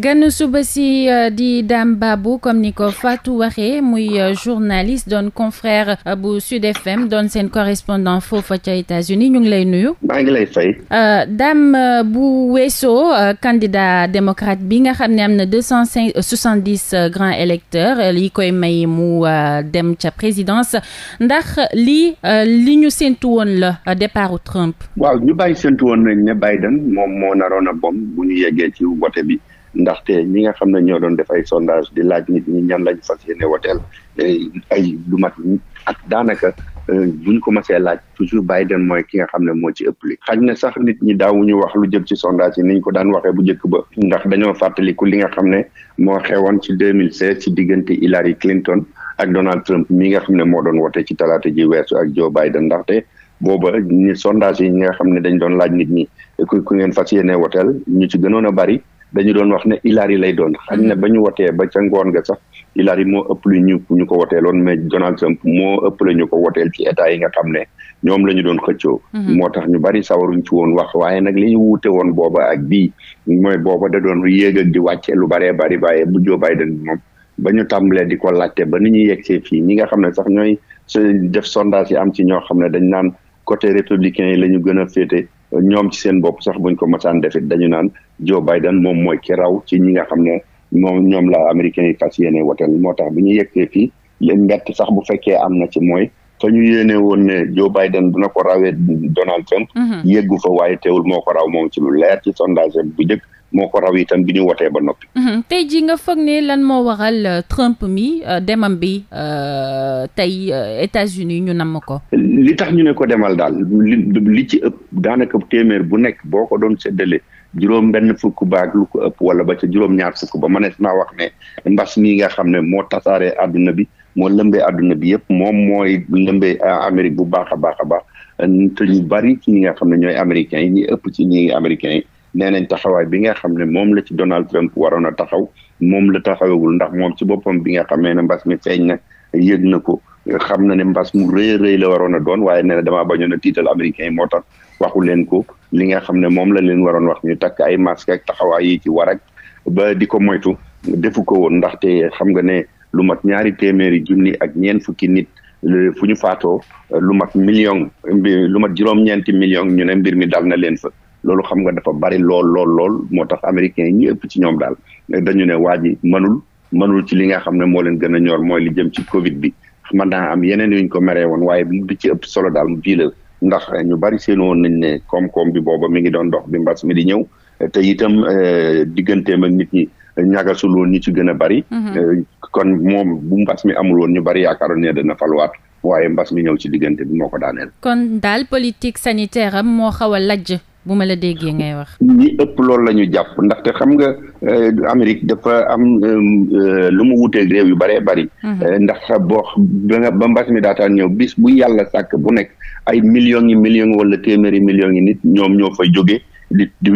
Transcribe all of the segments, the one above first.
ganu suba si euh, di Dame Babou comme ni ko Fatou waxee muy euh, journaliste doon confrère euh, bu Sud FM doon seen correspondant foofa ca États-Unis ñu ngi lay nuyu. maa ngi lay fay. Dame bu weesoo candidat démocrate bi nga xam ne am na deux cent soixante dix grands électeurs li koy may mu dem ca présidence ndax lii li ñu séntu woon la départu Trump. waaw ñu bàyyi séntu woon nañ ne Biden moom moo naroon a bom bu yeggee ci wote bi. ndaxte ñi nga xam ne ñoo doon def ay sondage di laaj nit ñi ñan lañu fas yéene woteel eh, ay lu mat ak daanaka eh, buñ ko masee laaj toujours Biden mooy ki nga xam ne moo ci ëpp li xañ ne sax nit ñi daawuñu wax lu jëm ci sondage yi niñ ko daan waxee bu njëkk ba ndax dañoo fàttaliku li nga xam ne moo xewoon ci 2016 ci diggante Hillary Clinton ak Donald Trump mi nga xam ne moo doon wote ci talaata ji weesu ak Joe Biden ndaxte booba ñi sondage yi ñi nga xam ne dañ doon laaj nit ñi ku ku ngeen fas yéene woteel ñu ci gënoon a bari dañu doon wax ne Hillary lay doon xañ na mm-hmm. ba ñu wotee ba ca ngoon nga sax Hillary moo ëpp lu ñu ñu ko woteeloon mais Donald Trump moo ëpp la ñu ko woteel ci état yi nga xam ne ñoom la ñu doon xëccoo mm-hmm. moo tax ñu bari sawaruñ ci woon wax waaye nag li ñu wuute woon booba bii mooy booba da doon yéeg ak di wàcce lu baree bari bàyyee bu Joe Biden moom ba ñu tàmbalee di ko laajte ba ni ñuy yegsee fii ñi nga xam ne sax ñooy def sondage yi am ci ñoo xam ne dañ naan côté républicain yi la ñu gën a féete ñoom seen bopp sax buñ ko masaan defit dañu naan Joe Biden moom mooy ki raw ci ñi nga xam ne moom ñoom la américains yi fas yéene wateel moo tax bi ñu yeggee fii li mbett sax bu fekkee am na ci mooy fa ñu yéene woon ne Joe Biden dina ko rawee Donald Trump mhm. yeggu fa waaye tewul moo ko raw moom ci lu leer ci sondage bu njëkk moo ko raw itam bi ñu wotee ba noppi. Mhm. tey jii nga foog ni lan moo waxal euh, Trump mi euh, demam bi euh, tey États-Unis ñu namm ko. li tax ñu ne ko demal daal li ci ëpp daanaka téeméer bu nekk boo ko doon séddale. juróom mbenn fukk baag lu ko ëpp wala ba ca juróom ñaar fukk ba mënees naa wax ne mbas mii nga xam ne moo tasaare adduna bi moo lëmbee àdduna bi yëpp moom mooy lëmbee Amérique bu baax a baax a baax te ñu bari ci ñi nga xam ne ñooy américains yi ñi ëpp ci ñi américains yi nee nañ taxawaay bi nga xam ne moom la ci Donald Trump waroon a taxaw moom la taxawagul ndax moom ci boppam bi nga xamee ne mbas mi feeñ na yëg na ko xam na ne mbas mu rëy la waroon a doon waaye nee na damaa bañoon a tiital américain yi moo tax waxu leen ko li nga xam ne moom la leen waroon wax ñu takk ay masque ak taxawaay yi ci war ba di ko moytu defu ko woon ndaxte xam nga ne lu mat ñaari téeméeri junni ak ñeen fukki nit fu ñu faatoo lu mat million lu mat juróom-ñeenti million ñu ne mbir dal na leen fa loolu xam nga dafa bari lool lool lool moo tax américains yi ëpp ci ñoom daal dañu ne waa ji mënul mënul ci li nga xam ne moo leen gën a ñor mooy li jëm ci Covid bi man naa am yeneen yuñ ko meree woon waaye bi ci ëpp solo daal mu bii la ndax ñu bari seen woon nañ ne koom-koom bi booba mi ngi doon dox bi mbas mi di ñëw te itam eh, digganteem ak nit ñi ñagasul woon ñi ci gën a bari. Mm-hmm. Eh, kon moom bu mbas mi amul woon ñu bari yaakaaroon ne dana faluwaat waaye mbas mi ñëw ci diggante bi moo ko daaneel. kon daal politique sanitaire am moo xaw a lajj. bu ma la déggee ngay wax. ñi ëpp loolu la ñu jàpp ndaxte xam nga euh, Amérique dafa am euh, lu mu wuteeg réew yu bëree bari mhm. euh, ndax sa boo ba mbas mi daataan ñëw bis bu yàlla sàkk bu nekk ay millions yi millions wala téeméeri millions yi nit ñoom ñoo fay jóge di di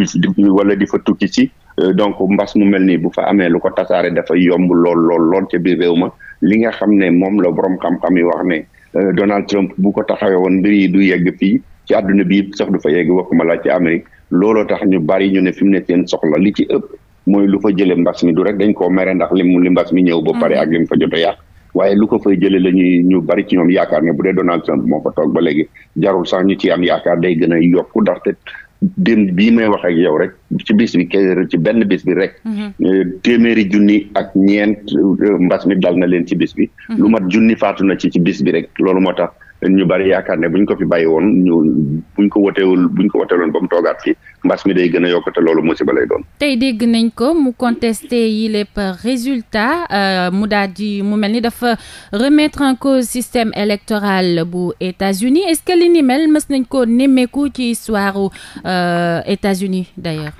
wala di fa tukki ci donc mbas mu mel nii bu fa amee lu ko tasaare dafa yomb lool lool lool ca biir réew ma li nga xam ne moom la borom xam-xam wax ne Donald Trump bu ko taxawee woon mbir yi du yegg fii. ci àdduna bi yëpp sax du fa yegg waxuma laa ci Amérique looloo tax ñu bari ñu ne fi mu ne seen soxla li ci ëpp mooy lu fa jële mbas mi du rek dañ koo mere ndax li mbas mi ñëw ba pare ak mm-hmm. lim fa jot a yàq waaye lu ko fay jële la ñuy ñu bari ci ñoom yaakaar ne bu dee Donald Trump moo fa toog ba léegi jarul sax ñu ci am yaakaar day gën a yokku ndaxte démb bii may wax ak yow rek ci bis bi ci benn bis bi rek mm-hmm. eh, téeméeri junni ak ñeent eh, mbas mi dal na leen ci bis bi mm-hmm. lu mat junni faatu na ci ci bis bi rek loolu moo tax ñu bari yaakaar ne bu buñ ko fi bàyyi woon ñu buñ ko woteewul buñ ko woteeloon ba mu toogaat fi mbas mi day gën a yokk te loolu musiba lay doon. tey dégg nañ ko mu contesté yi lépp résultat euh, mu daal di mu mel ni dafa remettre en cause système électoral bu États-Unis est-ce que li ni mel mës nañ ko nemmeeku ci histoire euh, États-Unis d'ailleurs.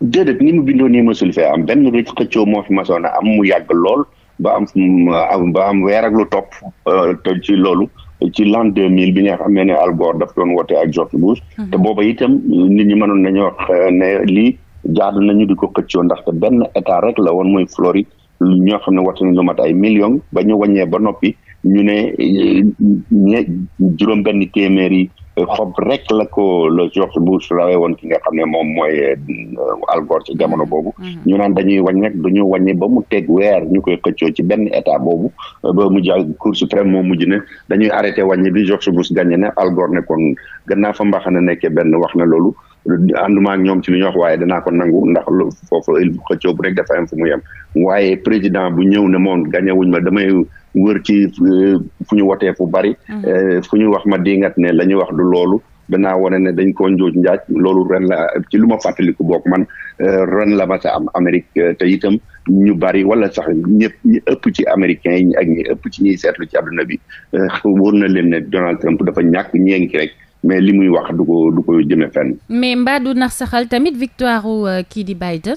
déedéet ni mu bindoo nii mësul fee am benn rëcc xëccoo moo fi masoon a am mu yàgg lool ba am ba am weer ak lu topp euh, ci loolu. ci l'an deux mille bi nga xam ne ne Al Gore daf doon wote a George Bush mhm. te booba itam nit ñi mënoon nañu wax eh, ne lii jaadu nañu di ko xëccoo ndaxte benn état rek la woon muy Floride ñoo xam ne wote nañu lu mat ay millions ba ñu wañee ba noppi ñu ne eh, juróom benn téeméeri xob rek la ko le George Bush la woon ki nga xam ne moom mooy euh, Al Gore jamono mm-hmm. boobu. Mm-hmm. ñu naan dañuy wañ rek dañu ñu wàññi ba mu teg weer ñu koy xëccoo ci benn état boobu euh, ba mujj Cour suprême moo mujj ne dañuy arrêté wàññi bi George Bush gagné ne Al Gore ne kon gannaaw fa mbaax na nekkee benn wax na loolu. ànduma ak ñoom ci li ñu wax waaye danaa ko nangu ndax foofu il xëccoo bu rek dafa am fu mu yem waaye président bu ñëw ne moom gañe wuñ ma damay wër ci euh, fu ñu wootee fu bari mm-hmm. euh, fu ñu wax ma dingat ne la ñuy wax du loolu danaa wane ne dañ koo njooj njaaj loolu ren la ci lu ma fàttaliku bokk man euh, ren la ma sa am Amérique te itam ñu bari wala sax ñëpp ñi ëpp ci américains yi ak ñi ëpp ci ñiy seetlu ci àdduna bi wóor na leen ne Donald Trump dafa ñàkk ñeenki rek mais li muy wax du ko du ko jëme fenn. mais mbaa du nax saxal tamit victoire euh, kii di Biden.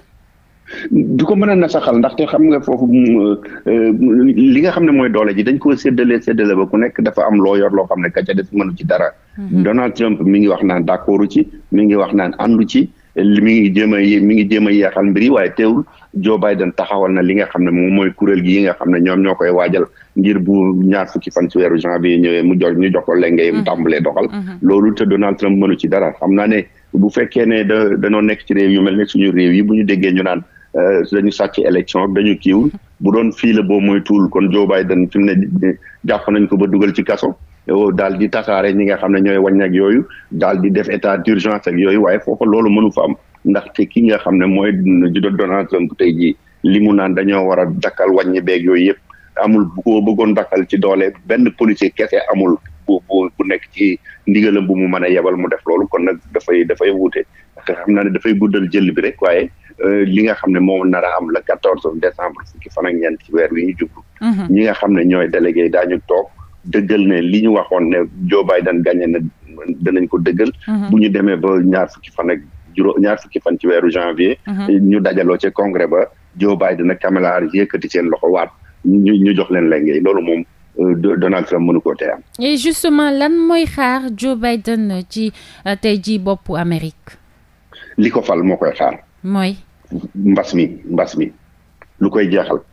du ko mën a nasaxal ndaxte xam nga foofu euh, li nga xam ne mooy doole ji dañ ko séddale seddale ba ku nekk dafa am loo loo xam ne ka ca des mënu ci dara. Mhm. Donald Trump mi ngi wax naan d'accord ci mi ngi wax naan àndu ci. mi ngi jéem a mi ngi jéem a yeexal mbir waaye teewul Joe Biden taxawal na li nga xam ne moom mooy kuréel gi yi nga xam ne ñoom ñoo koy waajal ngir bu ñaar fukki fan ci weeru janvier ñëwee mu jox ñu jox ko lenge mu mm-hmm. tàmbalee doxal. Mm-hmm. loolu te Donald Trump mënu ci dara xam naa ne bu fekkee ne da danoo nekk ci réew yu mel ne suñu réew yi bu ñu déggee ñu naan euh, dañu sàcc élection dañu kiiwul bu doon fii la boo mooy tuul kon Joe Biden fi mu ne jàpp nañ ko ba dugal ci kaso. daal di tasaare ñi nga xam ne ñooy wañ nag yooyu daal di def état d'urgence ak yooyu waaye foofa loolu mënu fa am ndaxte ki nga xam ne mooy judo Donald Trump tey jii li mu naan dañoo war a dakkal wàññi beeg yooyu yëpp amul bu ko bëggoon dakkal ci doole benn policier kese amul bu bu nekk ci ndigalam bu mu mën a yebal mu def loolu kon nag dafay dafay wuute te xam naa ne dafay guddal jël bi rek waaye euh, li nga xam ne moom nar a am la quatorze décembre fukki fan ak ñeent ci weer wi ñu jublu mhm. ñi nga xam ne ñooy délégué daañu toog dëggal ne li ñu waxoon ne Joe Biden gagné na danañ ko dëggal. Mhm. bu ñu demee ba ñaar fukki fan ak juróom ñaar fukki fan ci weeru janvier. Mhm. ñu dajaloo ca congrès ba Joe Biden ak Kamala Harris yëkkati seen loxo waat ñu jox leen lenge loolu moom. Euh, Donald Trump mënu koo tee am. et justement lan mooy xaar Joe Biden ci euh, tey jii bopp Amérique. li ko fal moo koy xaar. mooy. mbas mi mbas mi lu koy jeexal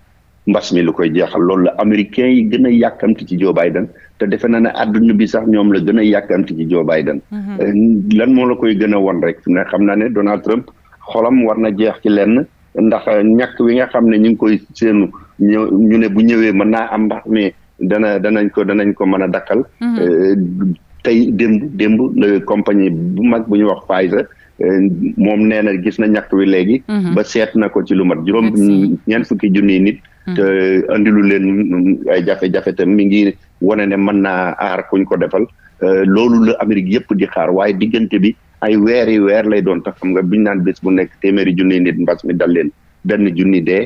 mbas mi lu koy jeexal loolu la américains yi gën a yàkkamti ci Joe Biden te defe na ne àdduna bi sax ñoom la gën a yàkkamti ci Joe Biden mhm. euh, lan moo la koy gën a won rek ne xam naa ne Donald Trump xolam war na jeex ci lenn ndax ñàkk wi nga xam ne ñu ngi koy seenu ñëw ñu ne bu ñëwee mën naa am mbax mi dana danañ ko danañ ko mën a dakkal mhm. euh, tey démb démb compagnie bu mag bu ñu wax Pfizer euh, moom nee na gis na ñàkk wi léegi mhm. ba seet na ko ci lu mat juróom ñeent fukki junniy nit Mm. te andilu leen mm, ay jafe-jafe tam mi ngi wane ne mën na ar kuñ ko defal euh, loolu la Amérique yëpp di xaar waaye diggante bi ay weer yi weer lay doon tax xam nga biñ naan bés bu nekk téeméeri junniy nit mbas mi dal leen benn junni dee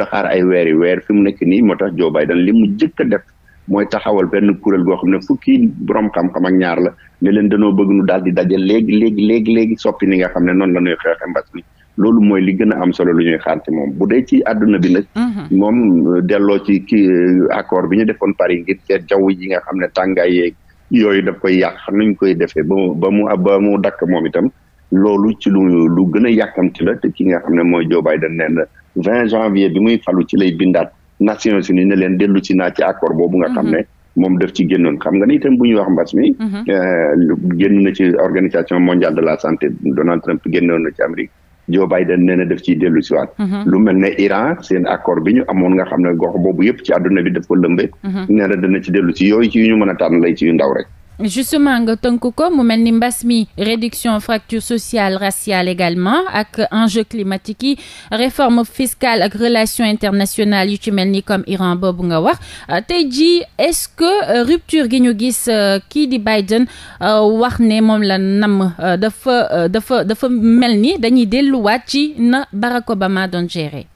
la xaar ay weer yi weer fi mu nekk nii moo tax Joe Biden li mu jëkk a def mooy taxawal benn kuréel goo xam ne fukki borom xam-xam ak ñaar la ne leen danoo bëgg nu daal di daje léegi léegi léegi soppi ni nga xam ne noonu la ñuy xeexe mbas mi loolu mooy li gën a am solo lu ñuy xaar moom bu dee ci àdduna bi nag. Mhm. moom euh, delloo ci kii euh, accord bi ñu defoon Paris ngir seet jaww ji nga xam ne tàngaay yeeg yooyu daf koy yàq nuñ koy defee ba mu ba mu ba mu dakk moom itam loolu ci lu lu gën a yàkkamti la ki nga xam ne mooy Joe Biden nee na 20 janvier bi muy falu ci lay bindaat Nations Unies ne leen dellu ci naa ci accord boobu nga xam mhm. ne. moom def ci génnoon xam nga ni itam bu ñuy wax mbas mi. Mhm. Euh, génn na ci organisation mondial de la santé Donald Trump génnoon na ci Amérique. Joe Biden nee na def ciy dellu si waat mhm. lu mel ne Iran seen accord bi ñu amoon nga xam ne gox boobu yëpp ci àdduna bi dafa lëmbe mhm. nee na ci dellu si yooyu ci ñu mën a tànn lay ci yu ndaw rek justement nga tënk ko mu mel ni mbas mi réduction fracture sociale raciale également ak enjeu climatique yi réforme fiscale ak relation internationale yu ci mel ni comme Iran boobu nga wax euh, tey jii est-ce que euh, rupture gi ñu gis euh, kii di Biden wax ne moom la nam dafa dafa dafa mel ni dañuy delluwaat ci na Barack Obama doon gérer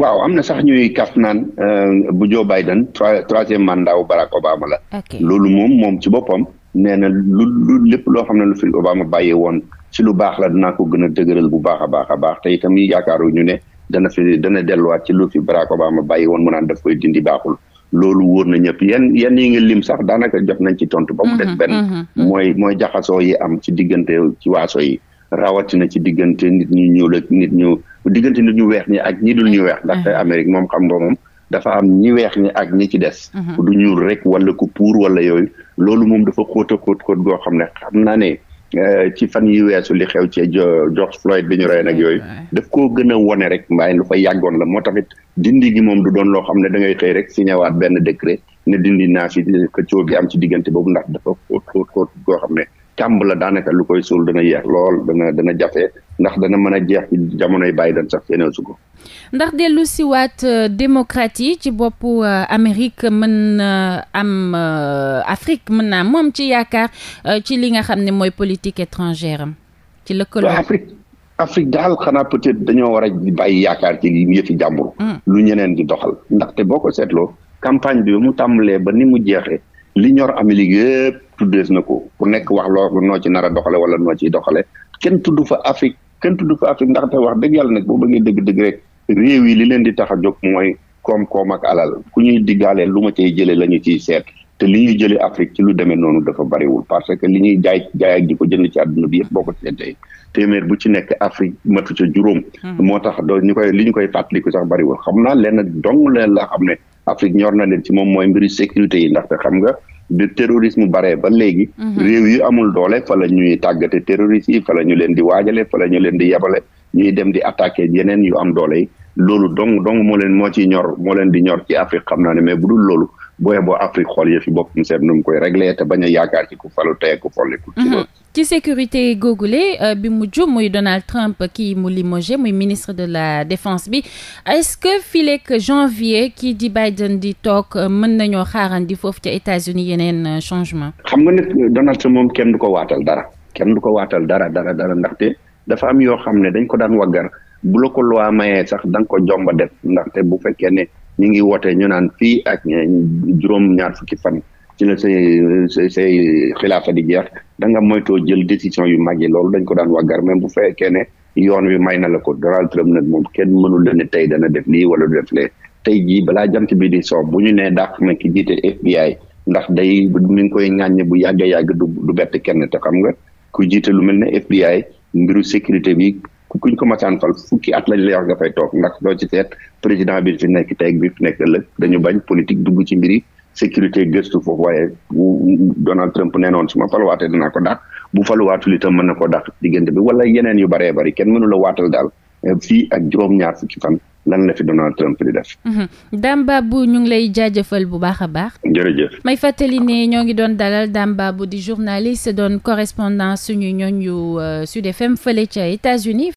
waaw am na sax ñuy kaf naan euh, bu Joe Biden trois troisième mandat wu Barack Obama la. loolu moom moom ci boppam nee na lu lu lépp loo xam ne lu fi Obama bàyyee woon ci lu baax la dinaa ko gën a dëgëral bu baax a baax a baax te itam yaakaaru ñu ne dana fi dana delluwaat ci lu fi baam Obama bàyyi woon mu naan def koy dindi baaxul. loolu wóor na ñëpp yenn yenn yi nga lim sax daanaka jot nañ ci tontu. ba mu des mhm, mhm, mhm. mooy mooy jaxasoo yi am ci diggante ci waaso yi. rawatina ci diggante nit ñu ñuul ak nit ñu diggante nit ñu weex ñi ak ñi dul ñu weex mm-hmm. ndaxte Amérique moom xam nga moom dafa am ñi weex ñi ak ñi ci des mm-hmm. du ñuul rek wala ku puur wala yooyu loolu moom dafa xóot a xóot goo xam ne xam naa ne euh, ci fan yi weesu li xew ci George Floyd bi ñu rey nag yooyu mm-hmm. daf koo gën a wone rek mbaay lu fa yàggoon la moo taxit dindi gi moom du doon loo xam ne da ngay xëy rek si waat benn décret ne dindi naa fi xëccoo am ci diggante boobu ndax dafa xóot xóot xam ne càmb la daanaka lu koy suul dana yeex lool dana dana jafe ndax dana mën a jeex ci jamonoy Biden sax feneen su ko. ndax dellu si waat euh, démocrate yi ci boppu euh, Amérique mën na euh, am Afrique mën naa moom ci yaakaar ci li nga xam ne mooy politique étrangère am ci lëkkaloo. Afrique Afrique daal xanaa peut dañoo war a bàyyi yaakaar ci yëfi jàmbur. Mm. lu ñeneen di doxal. ndaxte boo ko seetloo campagne bi mu tàmbalee ba ni mu jeexee li ñor Amérique yëpp. tuddees na ko ku nekk wax loolu noo a doxale wala noo doxale kenn tudd fa Afrique ndax te wax dëgg yàlla boo bëggee dëgg-dëgg rek li leen di tax a jóg mooy koom-koom ak alal ku ñuy diggaaleel lu ma cay jëlee la ñu seet te li ñuy jëlee Afrique ci lu demee noonu dafa bariwul parce que li ñuy jaay jaay ak di ko jënd ci bi yëpp boo ci nekk Afrique matu ca juróom. Hmm. moo tax doo ñu koy li ñu sax bariwul xam naa lenn dong leen la xam ne Afrique ñor na leen yi ndaxte bi terrorisme bare ba léegi. Mhm. réew yi amul doole fa ñuy tàggate terroriste yi fa la ñu leen di waajale fa la ñu leen di yabale ñuy dem di attaqué yeneen yu am doole yi loolu dong dong moo leen moo ci ñor moo leen di ñor ci Afrique xam naa ne mais bu dul loolu booyee boo Afrique xool yëf yi boppam seet nu mu koy réglé te bañ a yaakaar ci ku falu tey ku ci sécurité googule euh, bi mujj muy Donald Trump kii mu limogé muy ministre de la défense bi est-ce que fileek janvier kii di Biden di toog euh, mën nañoo di foofu ca États-Unis yeneen euh, changement xam nga ne Donald Trump moom kenn du ko waatal dara kenn du ko waatal dara dara dara ndaxte dafa am yoo xam ne dañ ko daan waggar bu la loi mayee sax da nga ko jomba def ndaxte bu fekkee ne ñu ngi woote ñu naan fii ak juróom ñaar fukki fan ci la say say xilaafa di jeex da nga moytoo jël décision yu mag yi loolu dañ ko daan waggar même bu fekkee ne yoon wi may na la ko Donald Trump nag moom kenn mënul la ne tey dana def lii wala du def lee tey jii balaa jant bi di soow bu ñu nee dàq na ki jiite FBI ndax day mi ngi koy ŋàññe bu yàgg yàgg du du bett kenn te xam nga ku jiite lu mel ne FBI mbiru sécurité bi kuñ ko masaan fal fukki at lañ lay wax fay toog ndax doo ci seet président bi fi nekk tey bi fi nekk ëllëg dañu bañ politique dugg ci mbiri sécurité gëstu foofu waaye bu Donald Trump nee noon su ma ko dàq bu faluwaatul mën na ko dàq diggante bi wala yeneen yu baree bari kenn mënu la waatal daal eh, fii ak juróom-ñaar fukki fan lan la fi Donald Trump di def. Mhm. Dame Babou ñu ngi lay jaajëfal bu baax a baax. jërëjëf. may fàttali ne ñoo ngi doon dalal Dame Babou di journaliste doon correspondant suñu ñooñ yu euh, Sud FM fële ca États-Unis